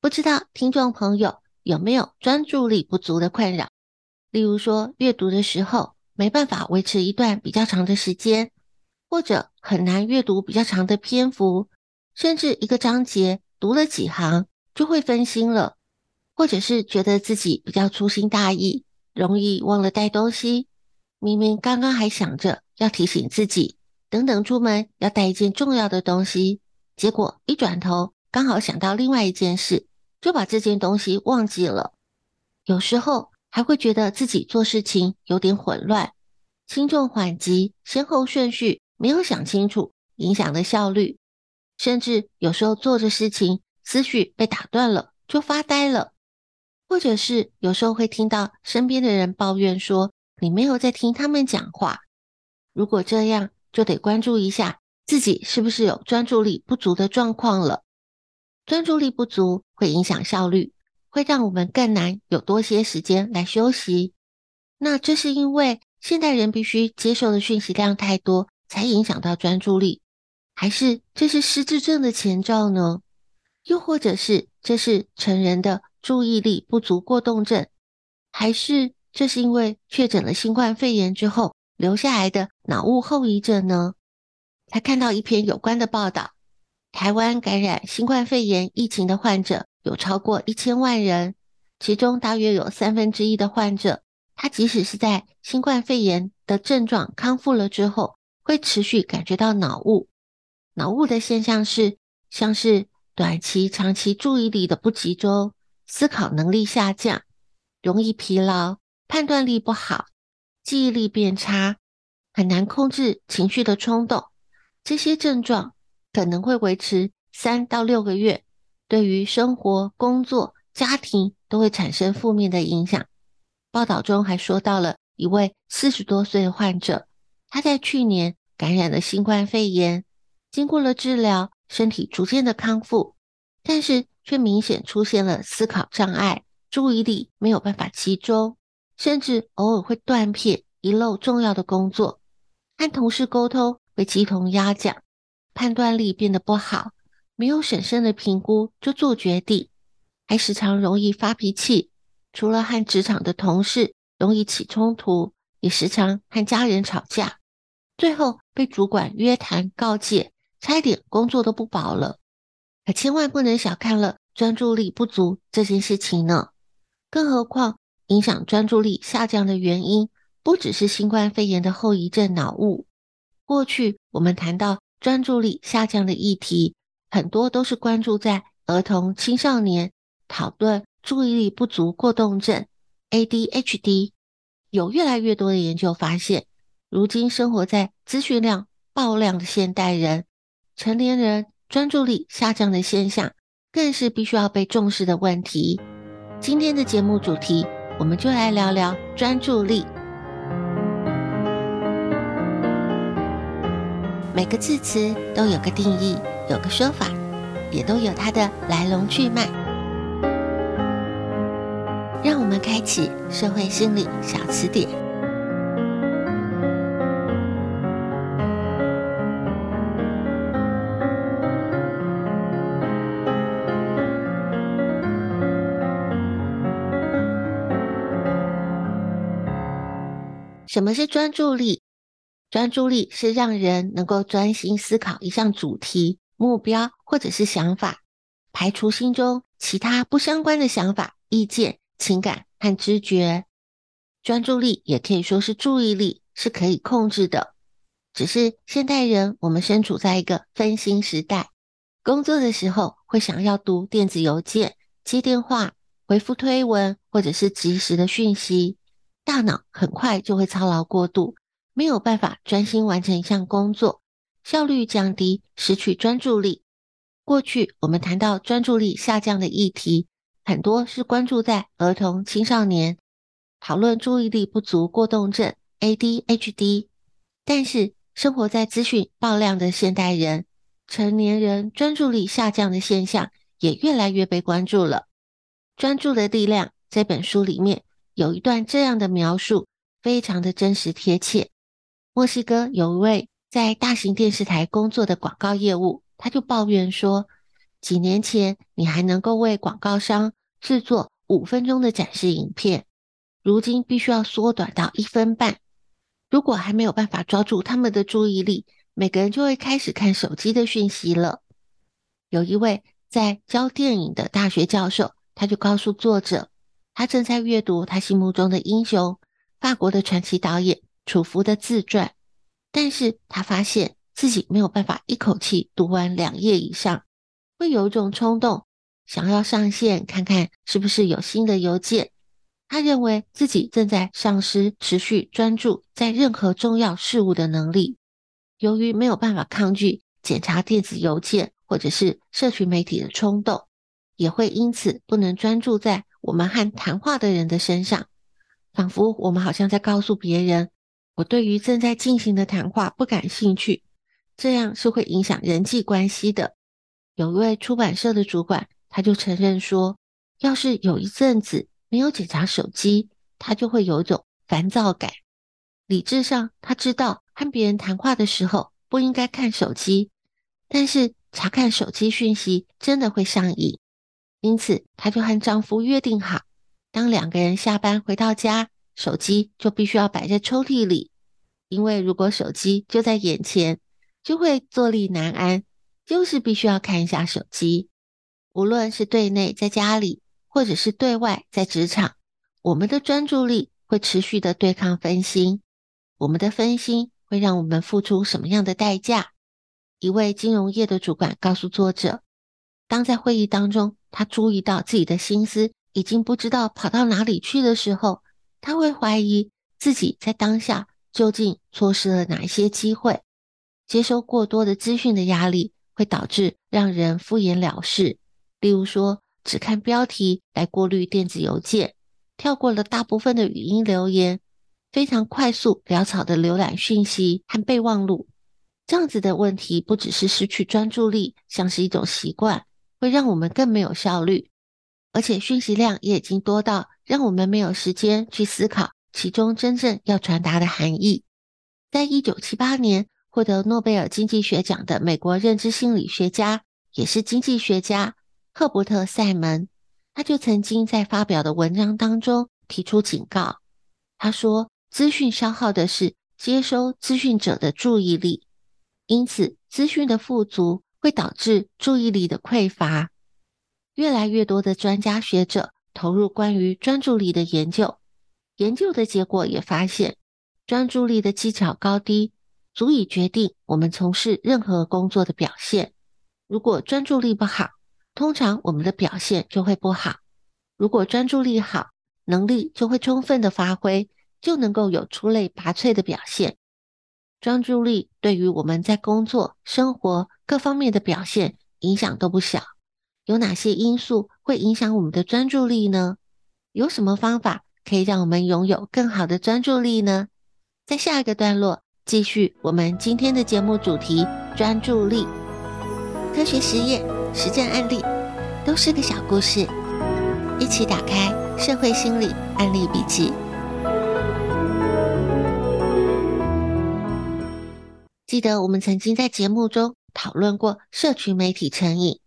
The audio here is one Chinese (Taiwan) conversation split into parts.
不知道聽眾朋友有沒有專注力不足的困擾？例如說，閱讀的時候沒辦法維持一段比較長的時間，或者很難閱讀比較長的篇幅，甚至一個章節讀了幾行就會分心了；或者是覺得自己比較粗心大意，容易忘了帶東西，明明剛剛還想着要提醒自己等等出門要帶一件重要的東西，結果一轉頭。剛好想到另外一件事，就把這件東西忘記了。有時候還會覺得自己做事情有點混亂，輕重緩急、先後順序沒有想清楚，影響的效率。甚至有時候做着事情，思緒被打斷了，就發呆了。或者是有時候會聽到身邊的人抱怨說，你沒有在聽他們講話。如果這樣，就得關注一下自己是不是有專注力不足的狀況了。專注力不足會影響效率，會讓我們更難有多些時間來休息。那這是因為現代人必須接受的訊息量太多，才影響到專注力？還是這是失智症的前兆呢？又或者是這是成人的注意力不足過動症？還是這是因為確診了新冠肺炎之後留下來的腦霧後遺症呢？才看到一篇有關的報道。台灣感染新冠肺炎疫情的患者有超過一千萬人，其中大約有三分之一的患者，他即使是在新冠肺炎的症狀康復了之後，會持續感覺到腦霧。腦霧的現象是，像是短期、長期注意力的不集中，思考能力下降，容易疲勞，判斷力不好，記憶力變差，很難控制情緒的衝動，這些症狀。可能會維持三到六個月，對於生活、工作、家庭都會產生負面的影響。報道中還說到了一位四十多歲的患者，他在去年感染了新冠肺炎，經過了治療，身體逐漸的康復，但是卻明顯出現了思考障礙，注意力沒有辦法集中，甚至偶爾會斷片，遺漏重要的工作，和同事溝通會雞同鴨講。判斷力變得不好，沒有審慎的評估就做決定，還時常容易發脾氣。除了和職場的同事容易起衝突，也時常和家人吵架。最後被主管約談告誡，差一點工作都不保了。可千萬不能小看了專注力不足這件事情呢！更何況，影響專注力下降的原因不只是新冠肺炎的後遺症腦霧。過去我們談到專注力下降的議題，很多都是關注在兒童、青少年討論注意力不足過動症 （ADHD）。有越來越多的研究發現，如今生活在資訊量爆量的現代人，成年人專注力下降的現象，更是必須要被重視的問題。今天的節目主題，我們就來聊聊專注力。每個字詞都有個定義，有個說法，也都有它的來龍去脈。讓我們開啟《社會心理小詞典》。什麼是專注力？專注力是讓人能夠專心思考一項主題、目標或者是想法，排除心中其他不相關的想法、意見、情感和知覺。專注力也可以說是注意力，是可以控制的。只是現代人，我們身處在一個分心時代，工作的時候會想要讀電子郵件、接電話、回復推文或者是即時的訊息，大腦很快就會操勞過度。沒有辦法專心完成一項工作，效率降低，失去專注力。過去我們談到專注力下降的議題，很多是關注在兒童、青少年，討論注意力不足過動症 （ADHD）。但是生活在資訊爆量的現代人，成年人專注力下降的現象也越來越被關注了。《專注的力量》這本書裡面有一段這樣的描述，非常的真實貼切。墨西哥有一位在大型電視台工作的廣告業務，他就抱怨說，幾年前你還能夠為廣告商制作五分鐘的展示影片，如今必須要縮短到一分半。如果還沒有辦法抓住他們的注意力，每個人就會開始看手機的訊息了。有一位在教電影的大學教授，他就告訴作者，他正在閱讀他心目中的英雄——法國的傳奇導演。楚服的自傳，但是他發現自己沒有辦法一口氣讀完兩頁以上，會有一種衝動想要上線看看是不是有新的郵件。他認為自己正在喪失持續專注在任何重要事物的能力。由於沒有辦法抗拒檢查電子郵件或者是社群媒體的衝動，也會因此不能專注在我們和談話的人的身上，仿佛我們好像在告訴別人。我對於正在進行的談話不感興趣，這樣是會影響人際關係的。有一位出版社的主管，他就承認說，要是有一陣子沒有檢查手機，他就會有一種煩躁感。理智上，他知道和別人談話的時候不應該看手機，但是查看手機訊息真的會上癮，因此她就和丈夫約定好，當兩個人下班回到家，手機就必須要擺在抽屜裡。因為如果手機就在眼前，就會坐立難安，就是必須要看一下手機。無論是對內在家裡，或者是對外在職場，我們的專注力會持續的對抗分心。我們的分心會讓我們付出什麼樣的代價？一位金融業的主管告訴作者，當在會議當中，他注意到自己的心思已經不知道跑到哪裡去的時候，他會懷疑自己在當下。究竟錯失了哪一些機會？接收過多的資訊的壓力會導致讓人敷衍了事，例如說只看標題來過濾電子郵件，跳過了大部分的語音留言，非常快速潦草的瀏覽訊息和備忘錄。這樣子的問題不只是失去專注力，像是一種習慣，會讓我們更沒有效率，而且訊息量也已經多到讓我們沒有時間去思考。其中真正要傳達的含義，在一九七八年獲得諾貝爾經濟學獎的美國認知心理學家，也是經濟學家赫伯特·塞門，他就曾經在發表的文章當中提出警告。他說：“資訊消耗的是接收資訊者的注意力，因此資訊的富足會導致注意力的匱乏。”越來越多的專家學者投入關於專注力的研究。研究的結果也發現，專注力的技巧高低足以決定我們從事任何工作的表現。如果專注力不好，通常我們的表現就會不好；如果專注力好，能力就會充分的發揮，就能夠有出類拔萃的表現。專注力對於我們在工作、生活各方面的表現影響都不小。有哪些因素會影響我們的專注力呢？有什麼方法？可以讓我們擁有更好的專注力呢？在下一個段落，繼續我們今天的節目主題——專注力、科學實驗、實戰案例，都是個小故事。一起打開《社會心理案例筆記》。記得我們曾經在節目中討論過社群媒體成癮，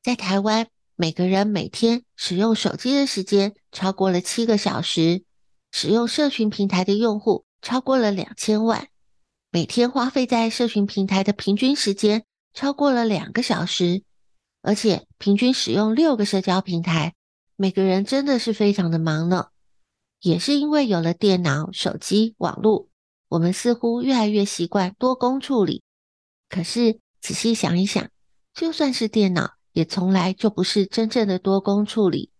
在台灣。每個人每天使用手機的時間超過了七個小時，使用社群平台的用戶超過了兩千萬，每天花費在社群平台的平均時間超過了兩個小時，而且平均使用六個社交平台，每個人真的是非常的忙呢，也是因為有了電腦、手機、網絡，我們似乎越來越習慣多工處理。可是仔細想一想，就算是電腦。也從來就不是真正的多工處理，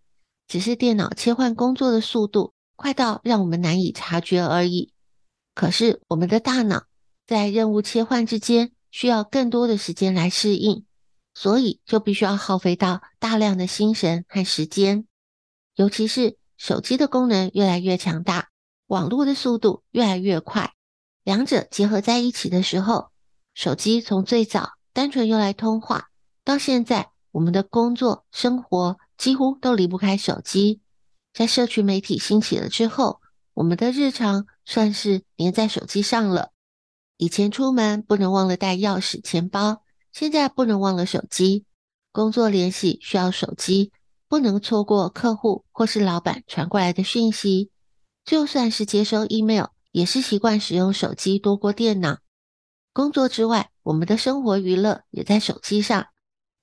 只是電腦切換工作的速度快到讓我們難以察覺而已。可是我們的大腦在任務切換之間需要更多的時間來適應，所以就必須要耗費到大量的心神和時間。尤其是手機的功能越來越強大，網絡的速度越來越快，兩者結合在一起的時候，手機從最早單純用來通話到現在，我們的工作生活幾乎都離不開手機。在社群媒體興起了之後，我們的日常算是黏在手機上了。以前出門不能忘了帶鑰匙、錢包，現在不能忘了手機。工作聯繫需要手機，不能錯過客戶或是老板傳過來的訊息。就算是接收 email，也是習慣使用手機多過電腦。工作之外，我們的生活娛樂也在手機上。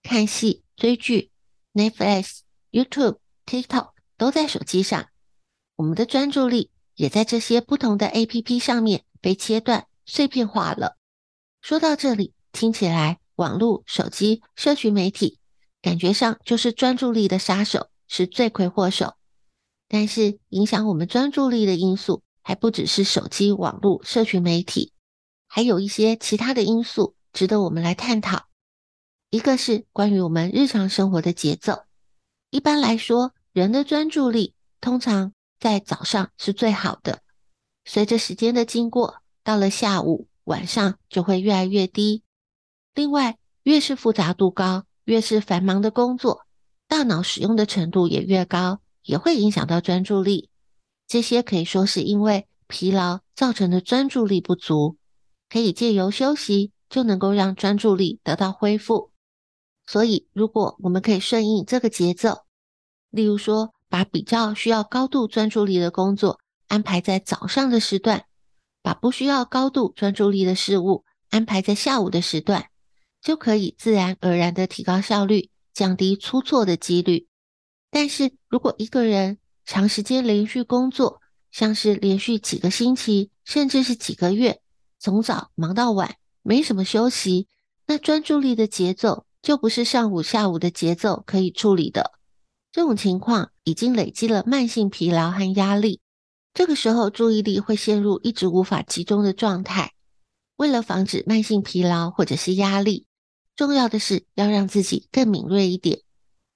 看戲、追劇、Netflix、YouTube、TikTok 都在手機上，我們的專注力也在這些不同的 APP 上面被切斷、碎片化了。說到這裡，聽起來網絡、手機、社群媒體感覺上就是專注力的殺手，是罪魁禍首。但是，影響我們專注力的因素還不只是手機、網絡、社群媒體，還有一些其他的因素值得我們來探討。一個是關於我們日常生活的節奏。一般來說，人的專注力通常在早上是最好的，隨着時間的經過，到了下午、晚上就會越來越低。另外，越是複雜度高、越是繁忙的工作，大腦使用的程度也越高，也會影響到專注力。這些可以說是因為疲勞造成的專注力不足，可以借由休息就能夠讓專注力得到恢復。所以，如果我們可以順應這個節奏，例如說，把比較需要高度專注力的工作安排在早上的時段，把不需要高度專注力的事物安排在下午的時段，就可以自然而然的提高效率，降低出錯的幾率。但是如果一個人長時間連續工作，像是連續幾個星期，甚至是幾個月，從早忙到晚，沒什麼休息，那專注力的節奏，就不是上午下午的節奏可以處理的。這種情況已經累積了慢性疲勞和壓力，這個時候注意力會陷入一直無法集中的狀態。為了防止慢性疲勞或者是壓力，重要的是要讓自己更敏銳一點。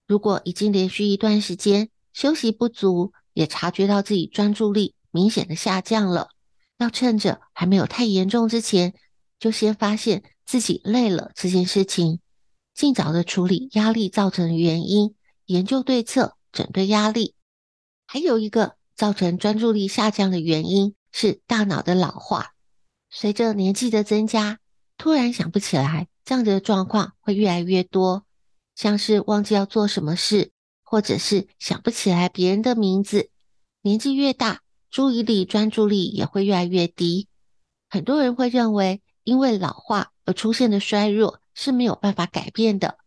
如果已經連續一段時間休息不足，也察覺到自己專注力明顯的下降了，要趁着還沒有太嚴重之前，就先發現自己累了這件事情。盡早的處理壓力造成的原因，研究對策，整頓壓力。還有一個造成專注力下降的原因是大腦的老化。隨着年紀的增加，突然想不起來這樣的狀況會越來越多，像是忘記要做什麼事，或者是想不起來別人的名字。年紀越大，注意力專注力也會越來越低。很多人會認為因為老化而出現的衰弱，是沒有辦法改變的，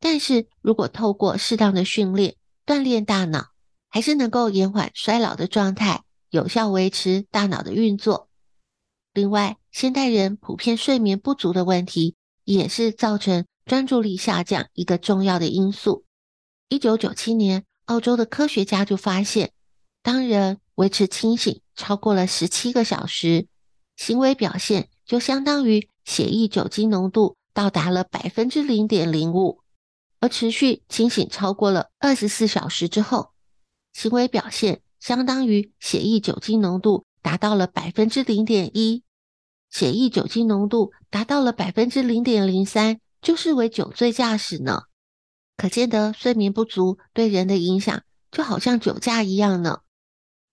但是如果透過適當的訓練鍛鍊大腦，還是能夠延緩衰老的狀態，有效維持大腦的運作。另外，現代人普遍睡眠不足的問題，也是造成專注力下降一個重要的因素。一九九七年，澳洲的科學家就發現，當人維持清醒超過了十七個小時，行為表現就相當於血液酒精濃度。到達了百分之零點零五，而持續清醒超過了二十四小時之後，行為表現相當於血液酒精濃度達到了百分之零點一，血液酒精濃度達到了百分之零點零三，就視為酒醉駕駛呢。可見得睡眠不足對人的影響，就好像酒駕一樣呢。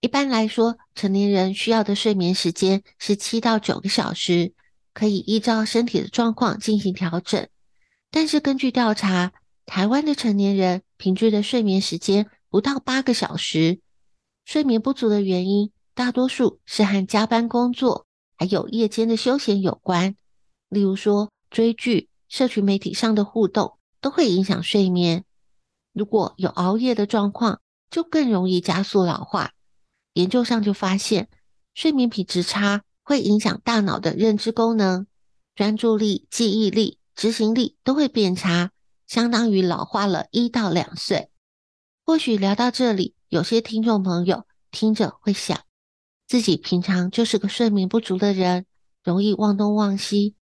一般來說，成年人需要的睡眠時間是七到九個小時。可以依照身體的狀況進行調整，但是根據調查，台灣的成年人平均的睡眠時間不到八個小時。睡眠不足的原因，大多數是和加班工作，還有夜間的休閒有關。例如說追劇、社群媒體上的互動，都會影響睡眠。如果有熬夜的狀況，就更容易加速老化。研究上就發現，睡眠品質差，會影響大腦的認知功能、專注力、記憶力、執行力都會變差，相當於老化了一到兩歲。或許聊到這裡，有些聽眾朋友聽着會想，自己平常就是個睡眠不足的人，容易忘東忘西，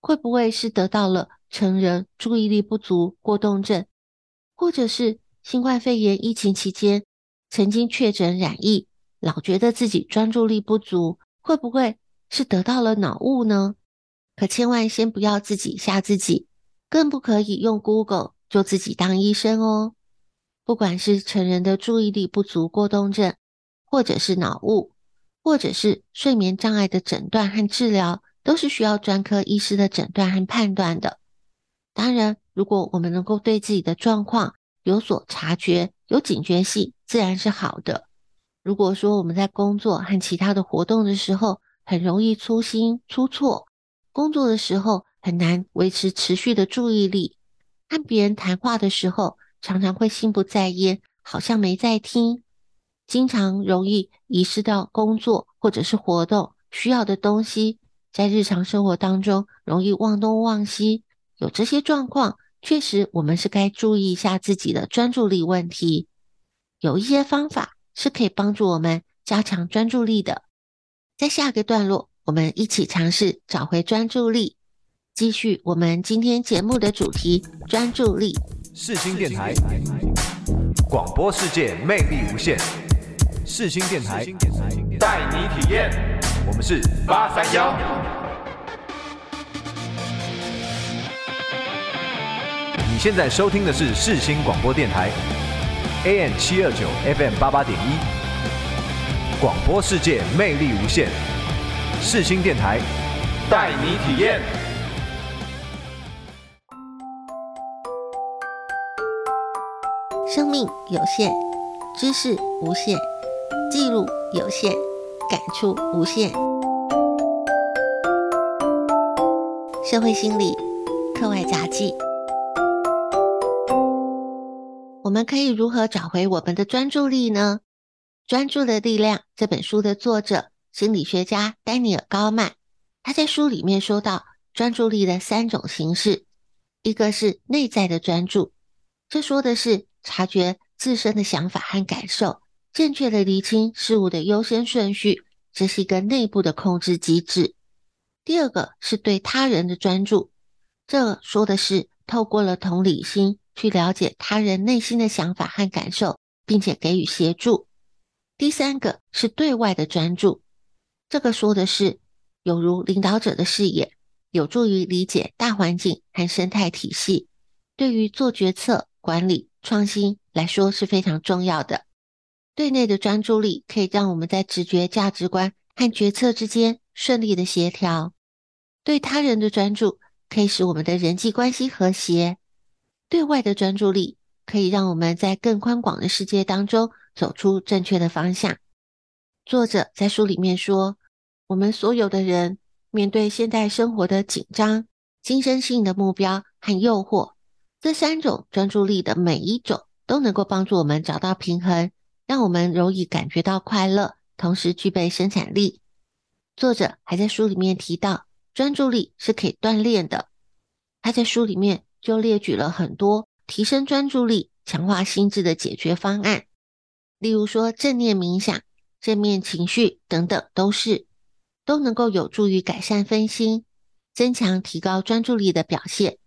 會不會是得到了成人注意力不足過動症？或者是新冠肺炎疫情期間曾經確診染疫，老覺得自己專注力不足，會不會？是得到了腦霧呢？可千萬先不要自己嚇自己，更不可以用 Google 就自己當醫生哦。不管是成人的注意力不足過動症，或者是腦霧，或者是睡眠障礙的診斷和治療，都是需要專科醫師的診斷和判斷的。當然，如果我們能夠對自己的狀況有所察覺，有警覺性，自然是好的。如果說我們在工作和其他的活動的時候，很容易粗心出錯，工作的時候很難維持持續的注意力，看別人談話的時候常常會心不在焉，好像沒在聽，經常容易遺失掉工作或者是活動需要的東西，在日常生活當中容易忘東忘西。有這些狀況，確實我們是該注意一下自己的專注力問題。有一些方法是可以幫助我們加強專注力的。在下個段落，我們一起嘗試找回專注力，繼續我們今天節目的主題——專注力。世新電台，廣播世界魅力無限。世新電，電台，帶你體驗。我們是八三幺。你現在收聽的是世新廣播電台，AM 七二九，FM 八八點一。AM729，廣播世界魅力無限，世新電台帶你體驗。生命有限，知識無限，記錄有限，感觸無限。社會心理，課外雜記。我們可以如何找回我們的專注力呢？專注的力量這本書的作者心理學家丹尼爾·高曼，他在書裡面說到專注力的三種形式，一個是內在的專注，這說的是察覺自身的想法和感受，正確的釐清事物的優先順序，這是一個內部的控制機制。第二個是對他人的專注，這說的是透過了同理心去了解他人內心的想法和感受，並且給予協助。第三個是對外的專注，這個說的是有如領導者的視野，有助於理解大環境和生態體系，對於做決策、管理、創新來說是非常重要的。對內的專注力可以讓我們在直覺、價值觀和決策之間順利的協調；對他人的專注可以使我們的人際關係和諧；對外的專注力可以讓我們在更寬廣的世界當中。走出正確的方向。作者在書裡面說：“我們所有的人面對現代生活的緊張、精神性的目標和誘惑，這三種專注力的每一種都能夠幫助我們找到平衡，讓我們容易感覺到快樂，同時具備生產力。”作者還在書裡面提到，專注力是可以鍛鍊的。他在書裡面就列舉了很多提升專注力、強化心智的解決方案。例如說正念冥想、正面情緒等等，都是都能夠有助於改善分心、增強、提高專注力的表現。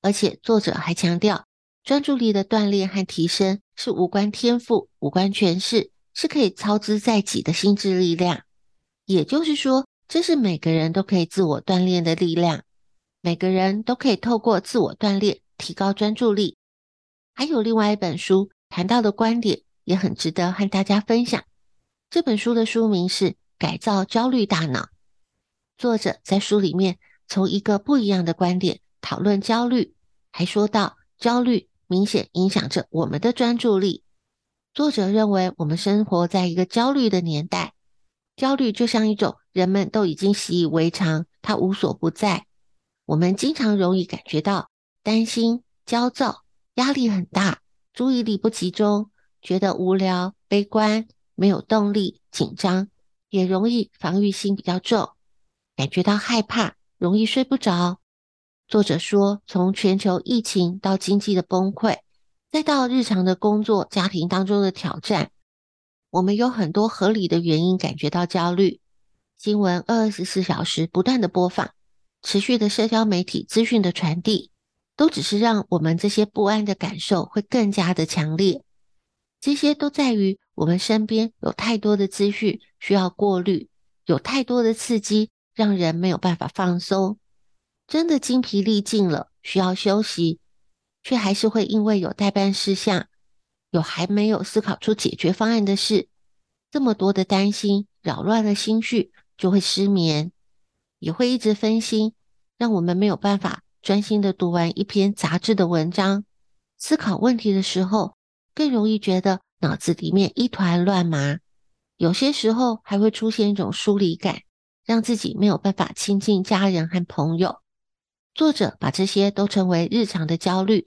而且作者還強調，專注力的鍛鍊和提升是無關天賦、無關權勢，是可以操之在己的心智力量。也就是說，這是每個人都可以自我鍛鍊的力量，每個人都可以透過自我鍛鍊提高專注力。還有另外一本書談到的觀點。也很值得和大家分享。這本書的書名是《改造焦慮大腦》，作者在書裡面從一個不一樣的觀點討論焦慮，還說到焦慮明顯影響着我們的專注力。作者認為我們生活在一個焦慮的年代，焦慮就像一種人們都已經習以為常，它無所不在。我們經常容易感覺到擔心、焦躁、壓力很大，注意力不集中。覺得無聊、悲觀、沒有動力、緊張，也容易防禦心比較重，感覺到害怕，容易睡不着。作者說，從全球疫情到經濟的崩潰，再到日常的工作、家庭當中的挑戰，我們有很多合理的原因感覺到焦慮。新聞二十四小時不斷的播放，持續的社交媒體資訊的傳遞，都只是讓我們這些不安的感受會更加的強烈。這些都在於我們身邊有太多的資訊需要過濾，有太多的刺激讓人沒有辦法放鬆，真的精疲力盡了，需要休息，卻還是會因為有待辦事項，有還沒有思考出解決方案的事，這麼多的擔心擾亂了心緒，就會失眠，也會一直分心，讓我們沒有辦法專心的讀完一篇雜誌的文章，思考問題的時候更容易覺得腦子裡面一團亂麻，有些時候還會出現一種疏離感，讓自己沒有辦法親近家人和朋友。作者把這些都稱為日常的焦慮。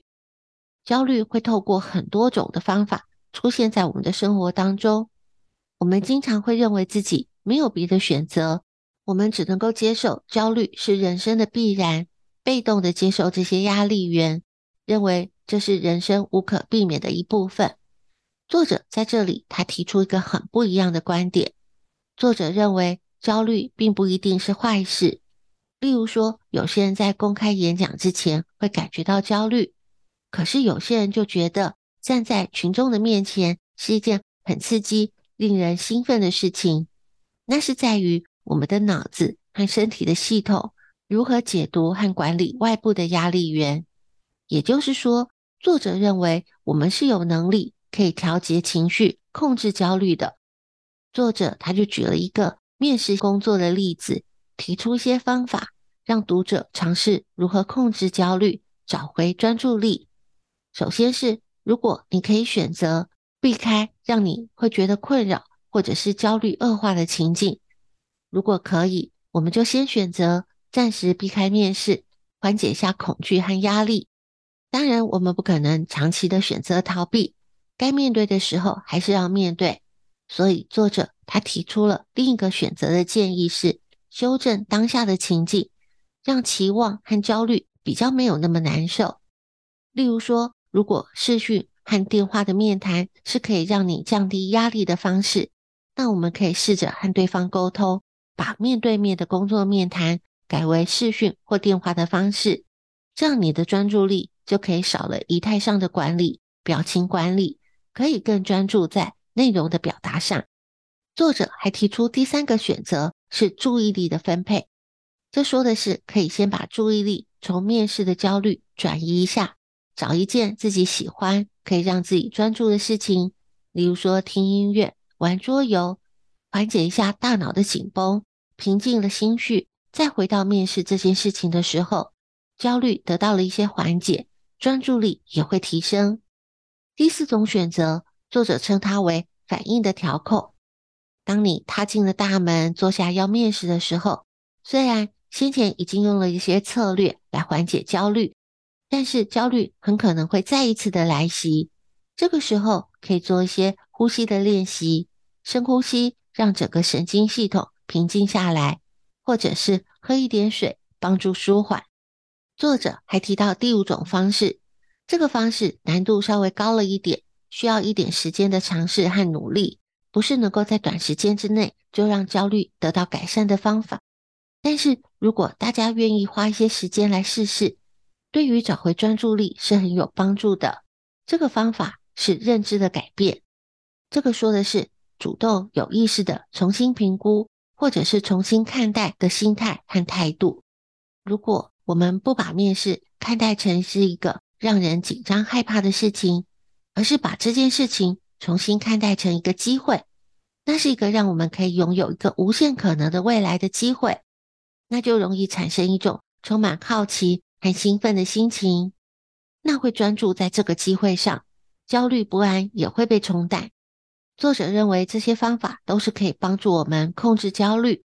焦慮會透過很多種的方法出現在我們的生活當中。我們經常會認為自己沒有別的選擇，我們只能夠接受焦慮是人生的必然，被動的接受這些壓力源，認為，這是人生無可避免的一部分。作者在這裡，他提出一個很不一樣的觀點。作者認為，焦慮並不一定是壞事。例如說，有些人在公開演講之前會感覺到焦慮，可是有些人就覺得站在群眾的面前是一件很刺激、令人興奮的事情。那是在於我們的腦子和身體的系統如何解讀和管理外部的壓力源，也就是說。作者認為我們是有能力可以調節情緒、控制焦慮的。作者他就舉了一個面試工作的例子，提出一些方法，讓讀者嘗試如何控制焦慮、找回專注力。首先是，如果你可以選擇避開讓你會覺得困擾或者是焦慮惡化的情境，如果可以，我們就先選擇暫時避開面試，緩解一下恐懼和壓力。當然，我們不可能長期的選擇逃避，該面對的時候還是要面對。所以，作者他提出了另一個選擇的建議是：修正當下的情境，讓期望和焦慮比較沒有那麼難受。例如說，如果視訊和電話的面談是可以讓你降低壓力的方式，那我們可以試着和對方溝通，把面對面的工作面談改為視訊或電話的方式，這樣你的專注力。就可以少了儀態上的管理、表情管理，可以更專注在內容的表達上。作者還提出第三個選擇是注意力的分配，這說的是可以先把注意力從面試的焦慮轉移一下，找一件自己喜歡、可以讓自己專注的事情，例如說聽音樂、玩桌遊，緩解一下大腦的緊繃，平靜了心緒，再回到面試這件事情的時候，焦慮得到了一些緩解。專注力也會提升。第四種選擇，作者稱它為反應的調控。當你踏進了大門，坐下要面試的時候，雖然先前已經用了一些策略來緩解焦慮，但是焦慮很可能會再一次的來襲。這個時候可以做一些呼吸的練習，深呼吸讓整個神經系統平靜下來，或者是喝一點水幫助舒緩。作者還提到第五種方式，這個方式難度稍微高了一點，需要一點時間的嘗試和努力，不是能夠在短時間之內就讓焦慮得到改善的方法。但是如果大家願意花一些時間來試試，對於找回專注力是很有幫助的。這個方法是認知的改變，這個說的是主動有意識的重新評估或者是重新看待的心態和態度。如果我們不把面試看待成是一個讓人緊張害怕的事情，而是把這件事情重新看待成一個機會，那是一個讓我們可以擁有一個無限可能的未來的機會，那就容易產生一種充滿好奇和興奮的心情，那會專注在這個機會上，焦慮不安也會被沖淡。作者認為這些方法都是可以幫助我們控制焦慮，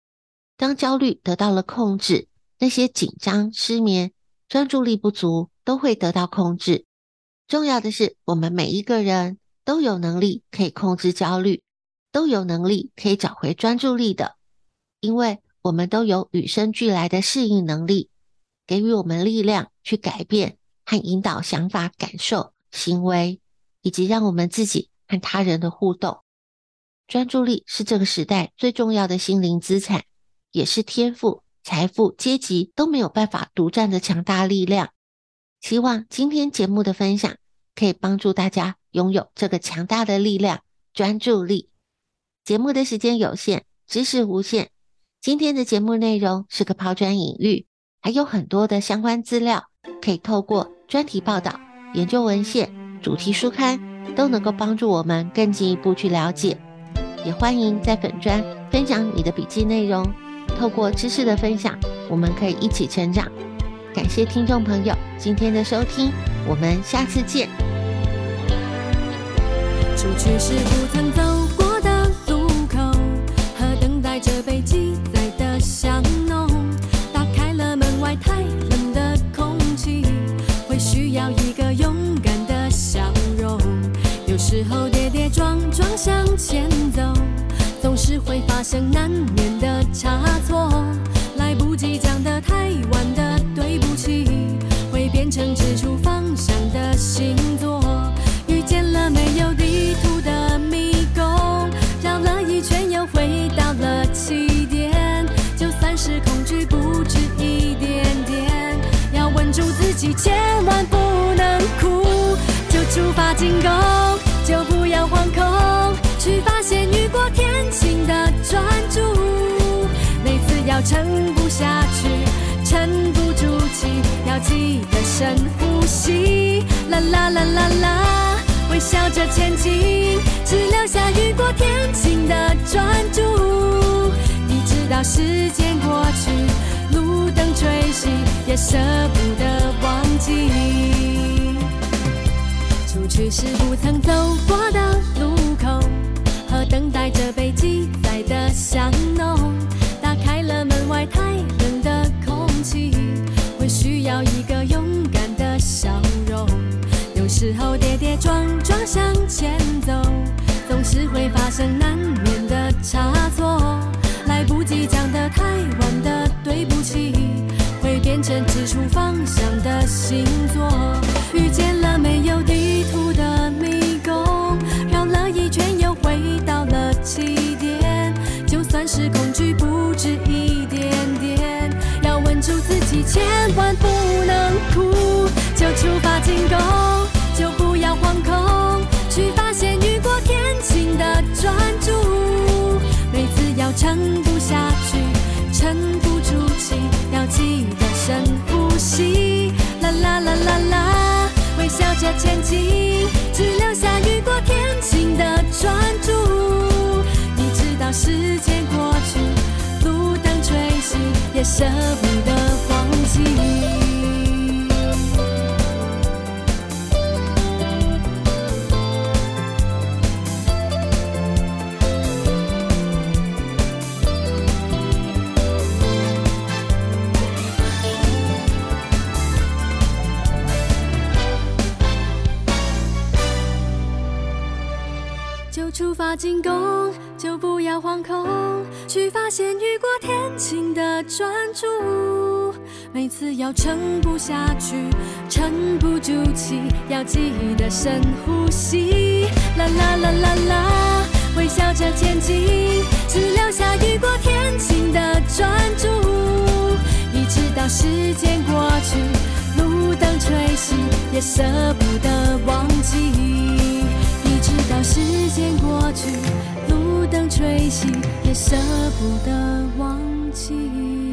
當焦慮得到了控制。那些緊張、失眠、專注力不足都會得到控制。重要的是，我們每一個人都有能力可以控制焦慮，都有能力可以找回專注力的，因為我們都有與生俱來的適應能力，給予我們力量去改變和引導想法、感受、行為，以及讓我們自己和他人的互動。專注力是這個時代最重要的心靈資產，也是天賦。財富階級都沒有辦法獨占的強大力量，希望今天節目的分享可以幫助大家擁有這個強大的力量——專注力。節目的時間有限，知識無限。今天的節目內容是個拋磚引玉，還有很多的相關資料可以透過專題報道、研究文獻、主題書刊，都能夠幫助我們更進一步去了解。也歡迎在粉專分享你的筆記內容。透過知識的分享，我們可以一起成長。感謝聽眾朋友今天的收聽，我們下次見。出去是不曾走過的路口和等待着北京像難免的差錯，來不及講的太晚的對不起，會變成指出方向的星座。遇見了沒有地圖的迷宮，繞了一圈又回到了起點，就算是恐懼不止一點點，要穩住自己，千萬不能哭，就出發進攻，就不。專注，每次要撐不下去，沉不住氣，要記得深呼吸。啦啦啦啦啦，微笑着前進，只留下雨過天晴的專注。一直到時間過去，路燈吹熄，也舍不得忘記。出去是不曾走過的路口。等待着被記載的香濃，打開了門外太冷的空氣，會需要一個勇敢的笑容。有時候跌跌撞撞向前走，總是會發生難免的差錯，來不及講的太晚的對不起，會變成指出方向的星座。遇見了沒有？千萬不能哭，就出發進攻，就不要惶恐，去發現雨過天晴的專注。每次要撐不下去，撐不住氣，要記得深呼吸。啦啦啦啦啦，微笑着前進，只留下雨過天晴的專注。一直到時間過去，路燈吹熄，也捨不得。就出發進攻，就不要惶恐，去發現雨過天晴的專注。每次要撐不下去，撐不住氣，要記得深呼吸。啦啦啦啦啦啦，微笑着前進，只留下雨過天晴的專注。一直到時間過去，路燈吹熄，也捨不得忘記。一直到時間過去，路燈吹熄，也捨不得忘記。